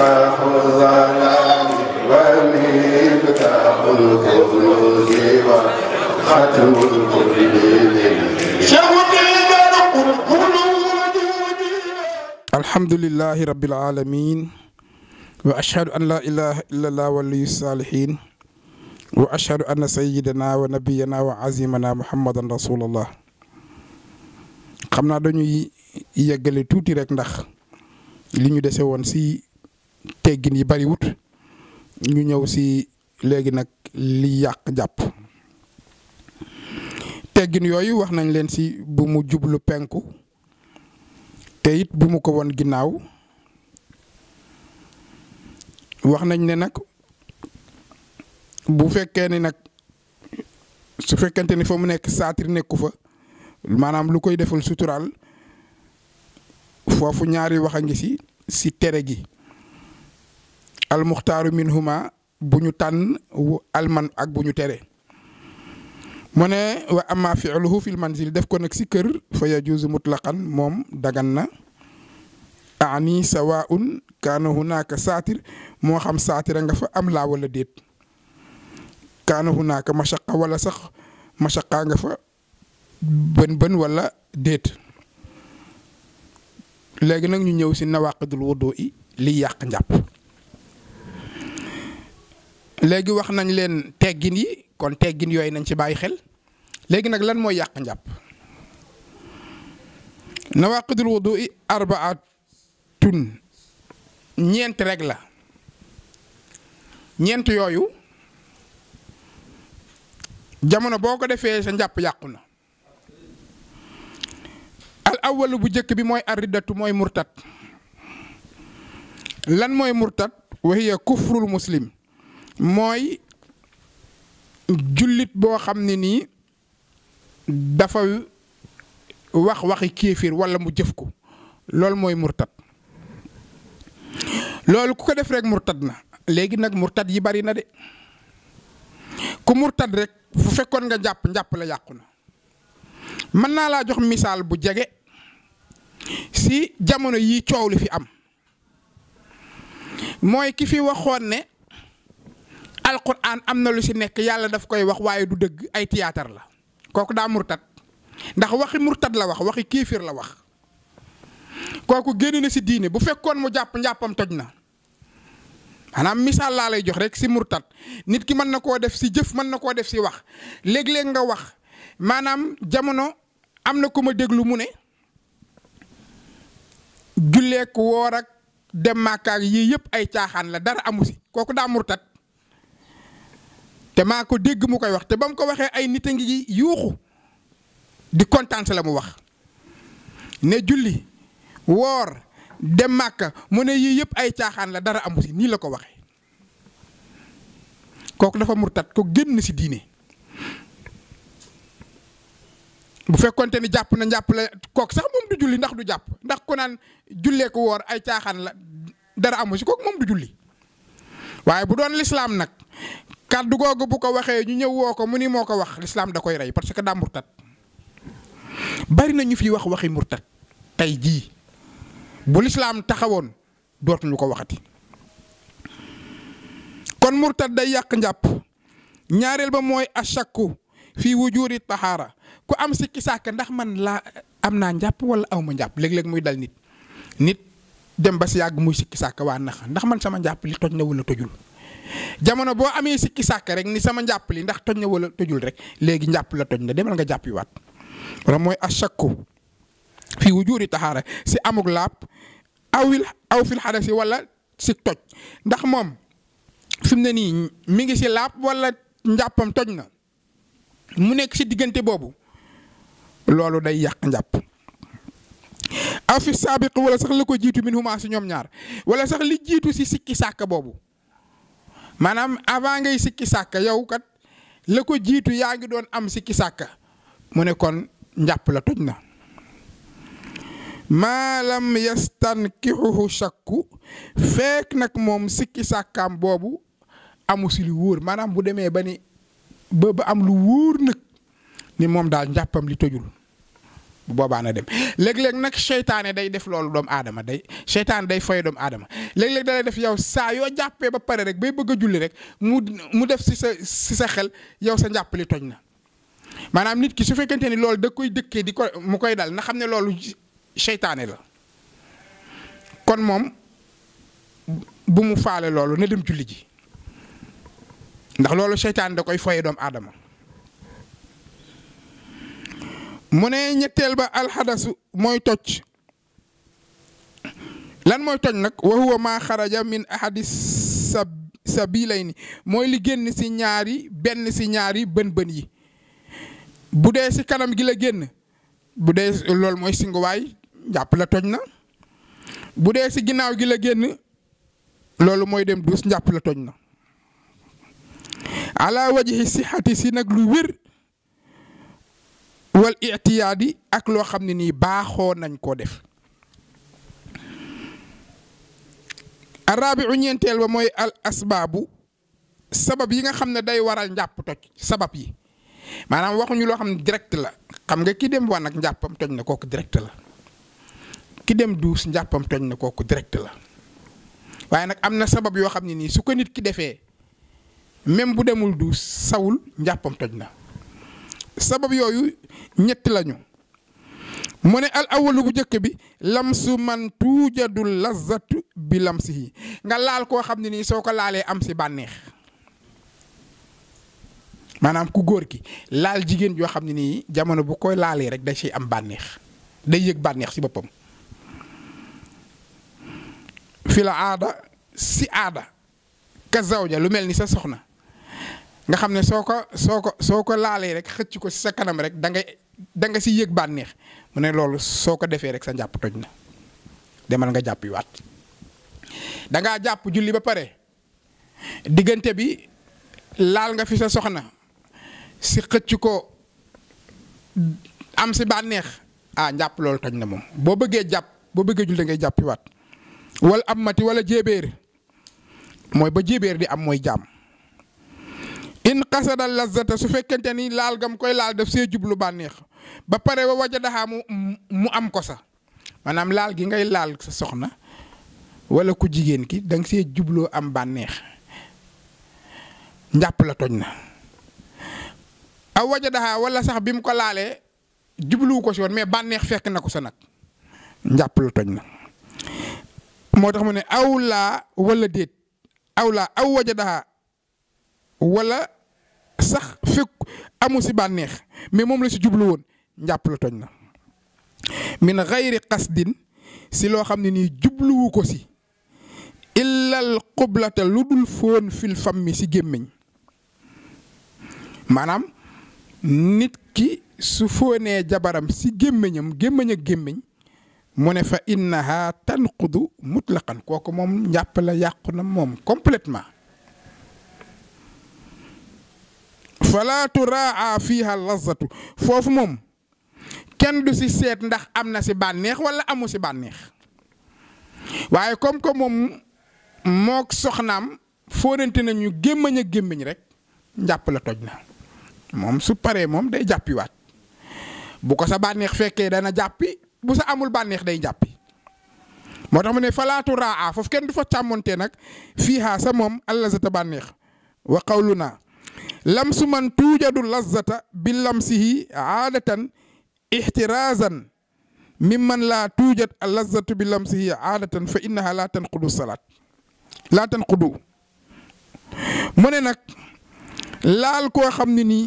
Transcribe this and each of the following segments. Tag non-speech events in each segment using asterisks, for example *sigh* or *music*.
الحمد لله رب العالمين وأشهد أن لا إله إلا الله ولي الصالحين وأشهد أن سيدنا ونبينا وعزيمنا محمد رسول الله xam دوني يجلي توتي رك نخ ndax li ñu teggin yi bariwut ñu ñëw si léegi nag li yàq jàpp teggin yooyu wax nañ leen si bu mu jublu penku te it bu mu ko won ginnaaw wax nañ ne nag bu fekkee ni nag su fekkente ni fa mu nekk saatir nekku fa maanaam lu koy defal suturaal foofu ñaari wax a ngi si si tere gi almuxtaaru minhuma bu ñu tànn alman ak bu ñu tere mu ne wa amma fi'luhu fil manzil def ko nag si kër fa yajuuzu mutlaqan moom dagan na ani sawaun kaana hunaaka saatir moo xam saatira nga fa am laa wala déet kaana hunaaka machaqa wala sax machaqa nga fa bën bën wala déet léegi nag ñu ñëw si nawaqidul wudu i liy yàq njàpp léegi wax nañ leen teggin yi kon teggin yooyu nañ ci bàyyi xel léegi nag lan mooy yàq njàpp na nawaqidul wudu'i arbaatun ñeent rekk la ñeent yooyu jamono boo ko defee sa njàpp yàqu na al awwalu bu njëkk bi mooy arriddatu mooy murtat lan mooy murtat wa hiya kufrul muslim mooy jullit boo xam ne nii dafa wax waxi kéefir wala mu jëf ko loolu mooy murtad loolu ku ko def rek murtad na léegi nag murtad yi bari na de ku murtad rekk fu fekkoon nga jàpp njàpp la yàqu na mën naa laa jox misaal bu jege si jamono yi coow li fi am mooy ki fi waxoon ne alquran am na lu si nekk yàlla daf koy wax waaye du dëgg ay théâtre la kooku daa murtat ndax waxi murtat la wax waxi kiifir la wax kooku génn na si diine bu fekkoon mu jàpp njàppam toj na maanaam misaal laa lay jox rek si murtat nit ki mën na koo def si jëf mën na koo def si wax léeg-léeg nga wax maanaam jamono am na ku ma déglu mu ne julleek woor ak dem màkkaak yii yëpp ay caaxaan la dara amu si kooku daa murtat te maa ko dégg mu koy wax te bam ko waxe ay ngi di contente la mu wax ne julli wor dem makka mu ne yi yep ay tiaxan la dara amusi si la ko waxe kok dafa murtat ko genn si diine bu fekkonté ni japp na japp la kok sax mom du julli ndax du japp ndax ko nan julle ko wor ay tiaxan la dara amusi kok mom du julli waye bu doon l'islam nak kaddu gogu bu ko waxe ñu ñew woo ko mu ni moo wax l'islam da koy ray parce que da murtad bari na ñu fi wax waxi murtad tay ji bu lislaam taxawoon ko waxati kon murtad day yak ñap ñaarel ba moy ashakku fi wujuri tahara ku am sikki sàkk ndax man la am ñap wala awma ñap leg leg muy dal nit nit dem ba si yag muy sikki sàkk wa nax ndax man sama ñap li toj na tojul jamono boo amee sikki sàkk rek ni sama njàpp li ndax toj na walla tojul rek léegi njàpp la toj na demal nga jàpp waat wala mooy ashakku fi wujuri taxaara si amug laap awil aw fil xadasi wala si toj ndax moom fi mu ne nii mi ngi si làpp walla njàppam toj na mu nekk si diggante boobu loolu day yàq njàpp. aw fi saabiq wala sax la ko jiitu min huma si ñoom ñaar wala sax li jiitu si sikki sàkk boobu. maanaam avant ngay sikki sàkka yow kat la ko jiitu yaa ngi doon am sikki sàkka mu ne kon njàpp la toj na maalam yastankixuhu shakku fekk nag moom sikki sàkkaam boobu amu si lu wóor maanaam bu demee ba ni ba ba am lu wóor nag ni moom daal njàppam li tojul bu boobaa na dem léeg-léeg nag seytaane day def loolu doomu aadama day seytaane day fay doomu aadama léeg-léeg da lay def yow saa yoo jàppee ba pare rek bay bëgg a julli rek mu mu def si sa si sa xel yow sa njàppali toj na koy dëkkee di mu ne ñetteel ba alxadasu mooy toj lan mooy toj nag wa huwa maa xaraja min ahadi sa sabilayni mooy li génn si ñaari benn si ñaari bën-bën yi bu dee si kanam gi la génn bu dee lool mooy singuwaay jàpp la toj na bu dee si ginnaaw gi la génn loolu mooy dem duus njàpp la toj na ala wajhi sihati si nag lu wér wal itiyaadi ak loo xam ne nii baaxoo nañ koo def araabiu ñeenteel ba mooy al asbaabu sabab yi nga xam ne day waral njàpp toj sabab yi maanaam waxuñu loo xam ne direct la xam nga ki dem wan ak njàppam toj na kooku direct la ki dem duus njàppam toj na kooku direct la waaye nag am na sabab yoo xam ne nii su ko nit ki defee même bu demul duus sawul njàppam toj na سبب yooyu ñetti lañu mu ne al awalu bu njëkk bi lamsu man tuujadu lazatu nga lal ko xamni ni soko lalé am ci banex manam ku gor ki lal jigen yo xamni ni jamono bu koy lalé rek da ci am banex day yek banex ci bopam fi la aada si aada ka zawja lu melni sa soxna nga xam ne soo ko soo ko soo ko laalee rek xëcc ko si sa kanam rek da nga da si yëg bànneex mu ne loolu soo ko defee rek sa njàpp toj na demal nga jàpp yu waat da jàpp julli ba pare diggante bi laal nga fi sa soxna si xëcc ko am si bànneex ah njàpp loolu toj na moom boo bëggee jàpp boo bëggee julli da ngay jàpp waat wala am mati wala jéebéer mooy ba jéebéer di am mooy jaam. in xasada lazata su fekkente ni laal gam koy laal def see jublu bànneex ba pare wa waja daxaa mu am ko sa maanaam laal gi ngay laal sa soxna wala ku jigéen ki da nga see jubloo am bànneex njàpp la toj na aw waja daxaa wala sax bi mu ko laalee jubluwu ko si woon mais bànneex fekk na ko sa nag njàpp la na moo tax mu ne aw laa wala déet aw laa aw waja daxaa wala sax fekk amu si bànneex mais moom la si jublu woon njàpp la toj na min xayri qasdin si loo xam ne nii jubluwu ko si illal xublata lu dul foon fil fammi si gémmiñ maanaam nit ki su foonee jabaram si gémmiñam gémmiñ ak gémmiñ mu ne fa innaha tanqudu mutlaqan kooku moom njàpp la yàqu na moom completement fala turaa fiha lazatu foofu moom kenn du si seet ndax am na si bànneex wala amu si bànneex waaye comme que moom mook soxnaam fóonante nañu gémmañ a gémmañ rek njàpp la toj na moom su paree moom day jàppiwaat bu ko sa bànneex fekkee dana jàppi bu sa amul bànneex day jàppi moo tax mu ne falaatu raa foofu kenn du fa càmmonte nag fii sa moom allah sa bànneex wa qawlu naa lamsu man tuujadu lazzata bi lamsihi aadatan ihtirazan mimman laa tuujat al lazzatu bi lamsihi aadatan fa innaha laa tanqudu salaat laa tanqudu mu ne nag laal ko xam ne ni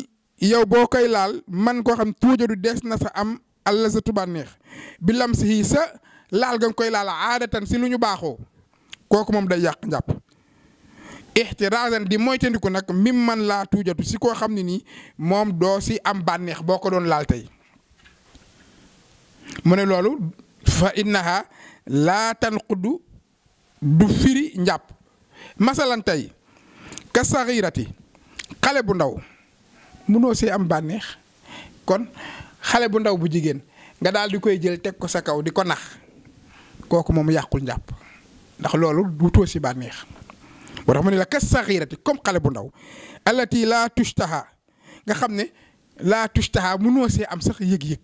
yow boo koy laal man koo xam tuujadu des na sa am al lazzatu bànneex bi lamsihi sa laal ga nga koy laal aadatan si lu ñu baaxoo kooku moom day yàq njàpp ixtiraasan di moytandiku nag mim man laa tuujatu si koo xam ne nii moom doo ci am bànneex boo ko doon laal tey mu ne loolu fa innaha laa tanqudu du firi njàpp masalan tey ka saxirati xale bu ndaw munoo see am bànneex kon xale bu ndaw bu jigéen nga daal di koy jël teg ko sa kaw di ko nax kooku moom yàqul njàpp ndax loolu wutoo ci bànneex moo tax mu ne la kas saxirati comme xale bu ndaw allati laa taxa nga xam ne laa tushtaha munoo see am sax yëg-yëg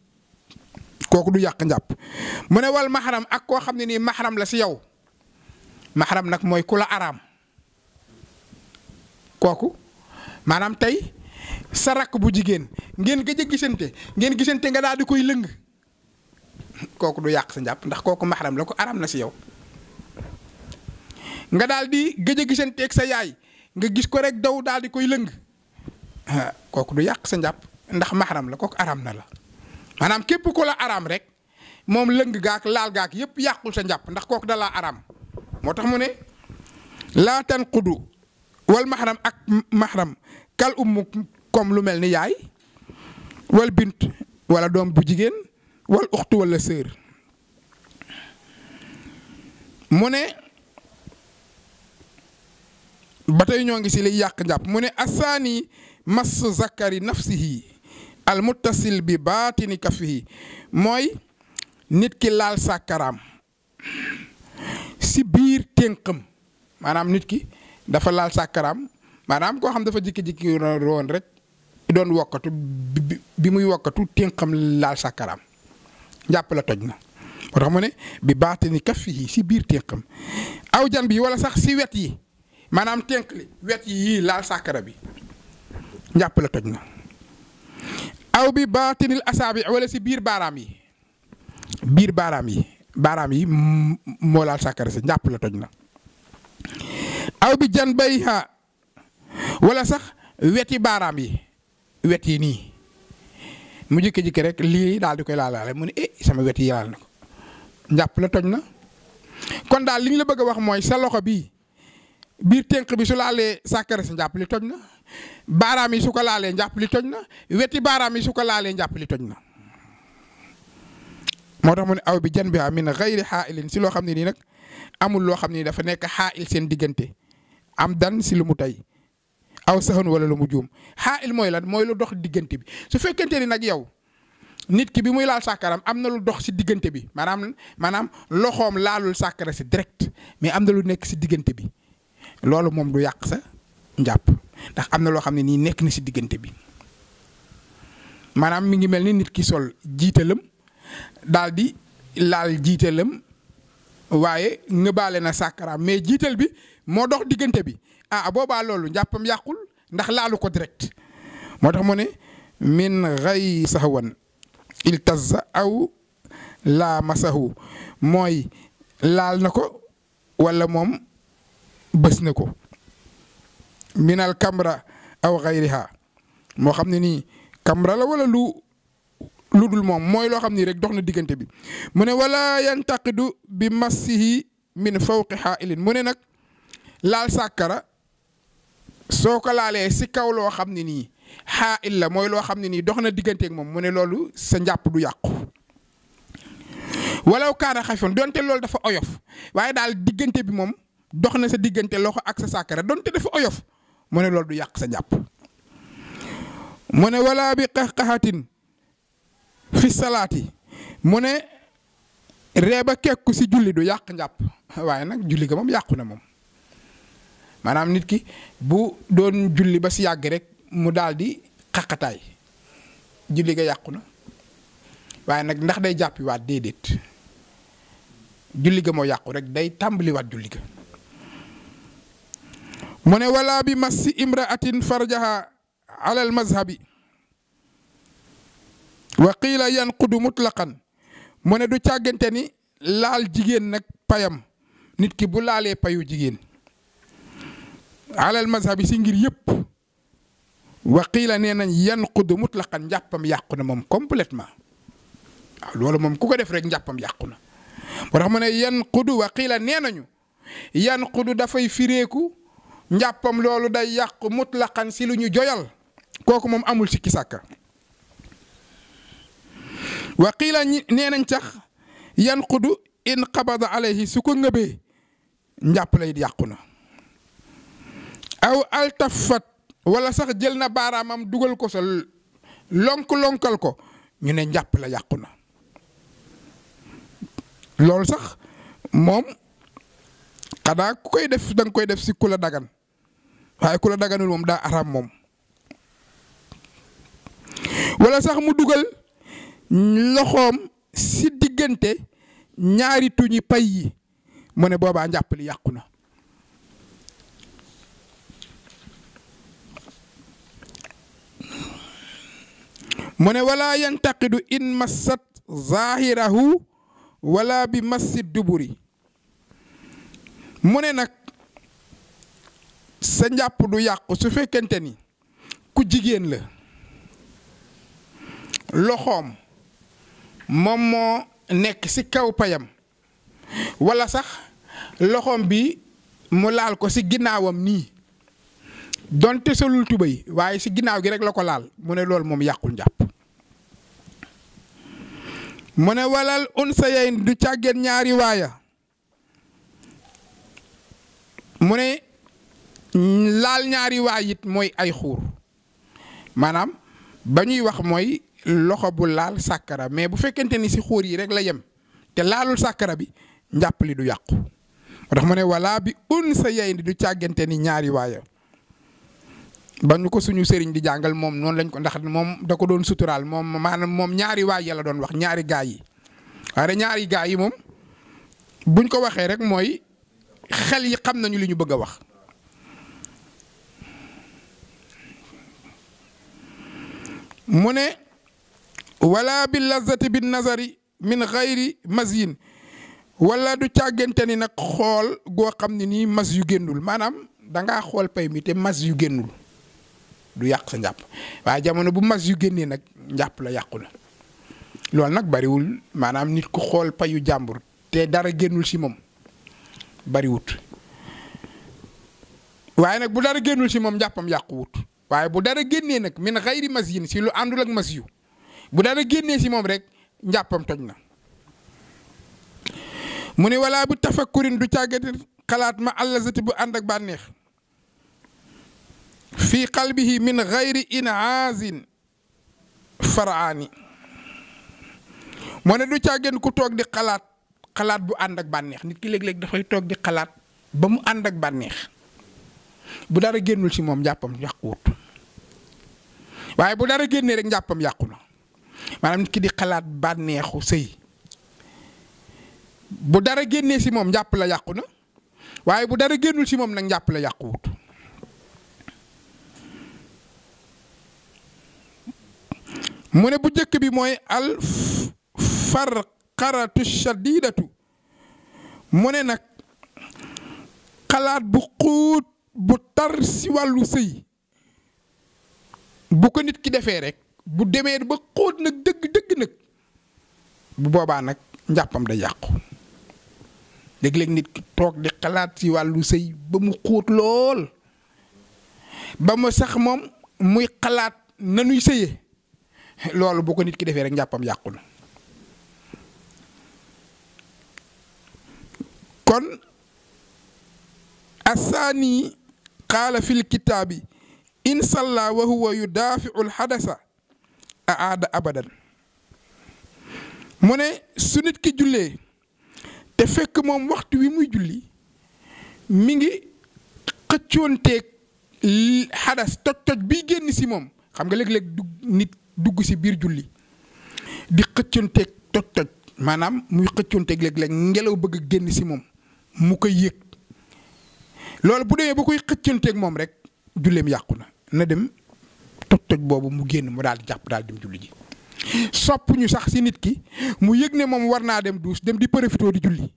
kooku du yàq njàpp mu ne wal maxaram ak koo xam ne nii maxaram la ci yow maxaram nag mooy ku la araam kooku maanaam tey sa rakk bu jigéen ngeen gëj a gisante ngeen gisante nga daal di koy lëng kooku du yàq sa njàpp ndax kooku maxaram la ko araam na si yow nga daal di gëj a gisanteeg sa yaay nga gis ko rek daw daal di koy lëng kooku du yàq sa njàpp ndax maxaram la kooku araam na la maanaam képp ku la araam rek moom lëng gaak laal gaak yépp yàqul sa njàpp ndax kooku dala laa araam moo tax mu ne laa tanqudu wal maxaram ak maxaram kal umm comme lu mel ni yaay wal bint wala doom bu jigéen wal uxtu wala sœur mu ne ba tey ñoo ngi si liy yàq njàpp mu ne asaani massu zakari nafsihi al muttasil bi baatini kafihi mooy nit ki laal sàkkaraam si biir ténqam maanaam nit ki dafa laal sàkkaraam maanaam koo xam dafa jikki-jikki woon rek doon wokkatu bi muy wokkatu ténqam laal sàkkaraam njàpp la toj na moo tax mu ne bi baatini kafihi si biir ténqam aw jan bi wala sax si wet yi maanaam tënk li wet yii laal sàkkara bi njàpp la toj na aw bi baatinil asaabi wala si biir baaraam yi biir baaraam yi baaraam yi moo laal sàkkara si njàpp la toj na aw bi jan bay ha wala sax weti baaraam yi wet yi nii mu jëkki-jëkki rek lii daal di koy laalaale mu ne eh sama wet yi laal na ko njàpp la toj na kon daal li la bëgg a wax mooy sa loxo bii biir tënk bi su laalee sàkkare si njàpp li toj na baaraam yi su ko laalee njàpp li toj na weti baaraam yi su ko laalee njàpp li na. moo tax mu ne aw bi jan bi min xayri xaailin si loo xam ne nii nag amul loo xam ni dafa nekk xaail seen diggante am dan si lu mu tey aw saxan wala lu mu juum xaail mooy la mooy lu dox diggante bi su fekkente ni nag yow. nit ki bi muy laal sàkkaram am na lu dox si diggante bi maanaam maanaam loxoom laalul sàkkara si direct mais am na lu nekk si diggante bi loolu moom du yàq sax njàpp ndax am na loo xam ne nii nekk na si diggante bi maanaam mi ngi mel ni nit ki sol jiitalam daal di laal jiitalam waaye ngëbaale na sàkkaraam mais jiital bi moo dox diggante bi ah, ah boobaa loolu njàppam yàqul ndax laalu ko direct moo tax mu ne min xay saxwan iltaza aw laa masahu mooy laal na ko wala moom بسنكو من الكاميرا او غيرها مو خامني ني كاميرا لا ولا لو لودول موم موي لو خامني ريك دوخنا ديغنتي بي من ولا ينتقد بمسه من فوق حائل من نك لال سكره سوكا لالي سي كاو لو خامني ني حائل لا موي لو خامني ني دوخنا ديغنتي اك موم من لولو سا نياب دو ياكو ولو كان خفيف دونتي لول دا فا اويوف واي دال ديغنتي بي موم dox na sa diggante loxo ak sa sàkkara donte dafa oyof mu ne loolu du yàq sa njàpp mu ne wala bi qaxqaxatin fi salaati mu ne reeba kekku si julli du yàq njàpp *laughs* waaye nag julli ga moom yàqu na moom maanaam nit ki bu doon julli ba si yàgg rek mu daal di xaqataay julli ga yàqu na waaye nag ndax day jàppiwaat déedéet julli ga moo yàqu rek day tàmbaliwaat julli ga mone wala bi masi imraatin farjaha ala al mazhabi wa qila yanqudu mutlaqan mone du tiaganteni lal laal nak payam nit ki bu lalé payu 'ala Al mazhabi si ngir yëpp wa qila nee nañ yanqudu mutlaqan njàppam yakuna mom complètement lolu mom kuko def rek njapam yakuna na moo tax ne wa qila nenañu da fay fireku njàppam loolu day yàq mutlaqan si lu ñu joyal kooku moom amul sikki sàkka wa qiila nee nañ sax yanqudu in qabada alayhi su ko ngëbee njàpp lay yàqu na aw altafat wala sax jël na baaraamam dugal ko sa lonk-lonkal ko ñu ne njàpp la yàqu na loolu sax moom xanaa ku koy def da koy def si ku la dagan waaye ku la daganul moom daa aram moom wala sax mu dugal loxoom si diggante ñaari tuñi pay yi mu ne boobaa li yàqu na wala yantaqidu in massat zahirahu wala bi massi duburi mu ne sa njàpp du yàqu su fekkente ni ku jigéen la loxoom moom moo nekk ci kaw payam walla sax loxoom bi mu laal ko ci ginnaawam nii donte solul tubéy waaye ci ginnaaw gi rekk la ko laal mu ne loolu moom yàqul njàpp mu ne walal unsa yayn du càggeen ñaari waaya mu ne laal ñaari waay yit mooy ay xuur maanaam ba ñuy wax mooy loxo bu laal sàkkara mais bu fekkente ni si xuur yi rek la yem te laalul sàkkara bi njàpp li du yàqu. moo tax mu ne wala bi un sa yey du càggante ni ñaari waaya ba ñu ko suñu sëriñ di jàngal moom noonu lañ ko ndax moom da ko doon suturaal moom maanaam moom ñaari waaya la doon wax ñaari gaa yi waaye ñaari gaa yi moom buñ ko waxee rek mooy xel yi xam nañu li ñu bëgg a wax. mu ne wala bi lazati bi nazari min xayri masin wala du càggante ni nag xool goo xam ne nii mas yu génnul maanaam dangaa xool pay mi te mas yu génnul du yàq sa njàpp waaye jamono bu mas yu génnee nag njàpp la yàqu na loolu nag bariwul maanaam nit ku xool payu jàmbur te dara génnul si moom bariwut waaye nag bu dara génnul si moom njàppam yàquwut waaye bu dara génnee nag min xayri mas yin si lu àndul ak mas yu bu dara génnee si moom rek njàppam toj na mu ne wala bu tafakkurin du càggati xalaat ma allazati bu ànd ak bànneex fii qalbihi min xayri inaazin faraani moo ne du càggeen ku toog di xalaat xalaat bu ànd ak bànneex nit ki léeg-léeg dafay toog di xalaat ba mu ànd ak bu dara génnul ci moom njàppam yàquwut waaye bu dara génnee rek njàppam yàqu na maanaam nit ki di xalaat bànneexu sëy bu dara génnee ci moom njàpp la yàqu na waaye bu dara génnul ci moom nag njàpp la yàquwut mu ne bu jëkk bi mooy al farqaratu shadidatu mu ne nag xalaat bu xuut bu tar si wàllu sëy bu ko nit ki defee rek bu demee ba xóot nag dëgg dëgg nag bu boobaa nag njàppam da yàqu léeg-léeg nit ki toog di xalaat ci wàllu sëy ba mu xóot lool ba mu sax moom muy xalaat na nanuy sëyee loolu bu ko nit ki defee rek njàppam yàqu na kon asaani قال في الكتاب إن صلى وهو يدافع الحدث أعاد أبدا من سنت كي جولي تفك موم وقت وي موي جولي ميغي قتيون تيك حدث توك توك بي ген سي موم خمغا ليك ليك نيت دوغ سي بير جولي دي قتيون تيك توك توك مانام موي قتيون تيك ليك ليك نغيلو بغا ген سي موم موكا ييك loolu bu demee ba koy xëccanteeg moom rek julleem yàqu na na dem toj toj boobu mu génn mu daal di jàpp daal di dem julli ji sopp sax si nit ki mu yëg ne moom war naa dem duus dem di profité di julli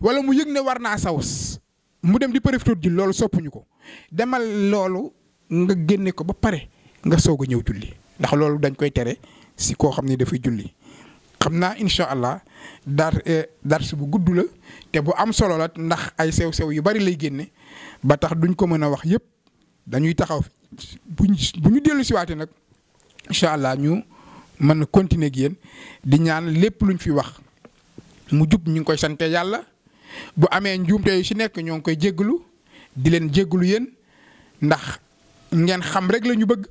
wala mu yëg ne war naa sawus mu dem di profité di julli loolu soppuñu ko demal loolu nga génne ko ba pare nga soog a ñëw julli ndax loolu dañ koy tere si koo xam ne dafay julli xam naa incha allah dar eh, dars bu gudd la te bu am solo la ndax ay sew-sew yu bari lay génne ba tax duñ ko mën a wax yëpp dañuy taxaw buñ bu ñu dellu siwaate nag incha allah ñu mën a continuer ak yéen di ñaan lépp luñ fi wax mu jub ñu koy sante yàlla bu amee njuumte yu si nekk ñoo ngi koy jéggalu di leen jéggalu yéen ndax ngeen xam rek lañu bëgg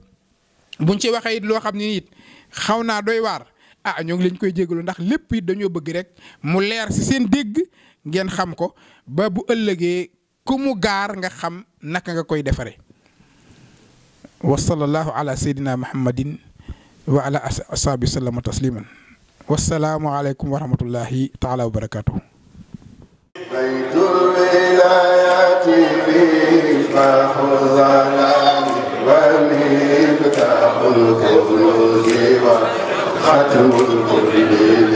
buñ ci waxee it loo xam ni it xaw naa doy waar ah ñoo ngi leen koy jéggalu ndax lépp it dañoo bëgg rek mu leer si seen dégg ngeen xam ko ba bu ëllëgee. ku mu gaar nga xam naka nga koy defare wa sallallahu ala sayyidina muhammadin wa ala asaabi sallama tasliman wasalaamu aleykum wa rahmatullahi taala wa barakatuh بيت الولايات فيه الظلام ومفتاح الخلود وختم الكل